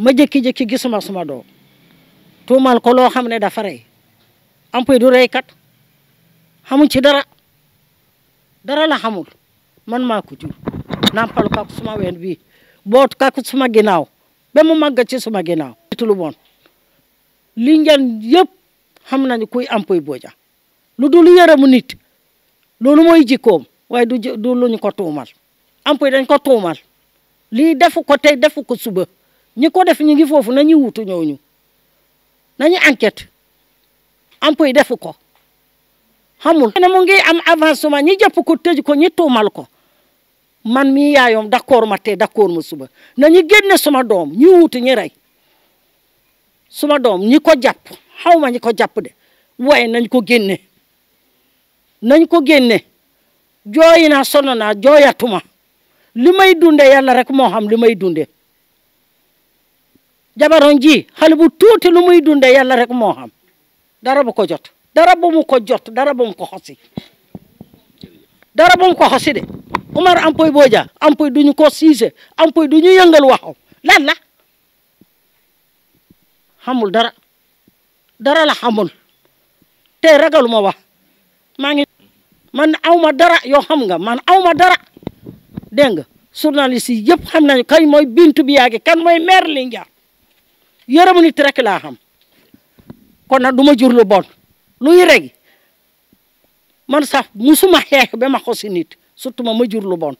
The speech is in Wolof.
ma jékki-jékki gisuma suma doom tuumal ko loo xam ne dafa rey ampoy du kat xamul ci dara dara la xamul man maa ko jur nampal ko suma ween bii boot ko ak suma ginnaaw ba mu màgg ci suma ginnaaw lu bon li ngeen yëpp xam nañu kuy ampoy booja lu dul yërëmu nit loolu mooy jikkoom waaye du du luñu ko tuumal ampoy dañ ko tuumal lii defu ko tey defu ko suba ñi ko def ñu ngi foofu nañu wutu ñooñu nañu enquête ampoy def ko xamul ne mu ngi am avancement ñi jàpp ko tëj ko ñi tuumal ko man mii yaayoom d'accord ma tey d'accord ma suba nañu génne suma doom ñu wutu ñi rey suma doom ñi ko jàpp xaw ma ñi ko jàpp de waaye nañ ko génne nañ ko génne jooy na sonn naa jooyatuma li may dunde yàlla rek moo xam li may dunde jabaram ji xale bu tuuti lu muy dunde yàlla rek moo xam dara bu ko jot dara bu mu ko jot dara bu mu ko xosi dara bu mu ko xosi de Umar Ampoy Booja Ampoy duñu ko siise Ampoy duñu yëngal waxam lan la xamul dara dara la xamul te ragaluma wax maa ngi man awma dara yoo xam nga man awma dara dégg nga journaliste yi yëpp xam nañu kañ mooy Bintu Biyaage kan mooy maire Lindiane yërëmu nit rek laa xam kon nag du ma jur lu bon luy rey man sax musuma xeex ba ma xosi nit surtout ma ma jur lu bon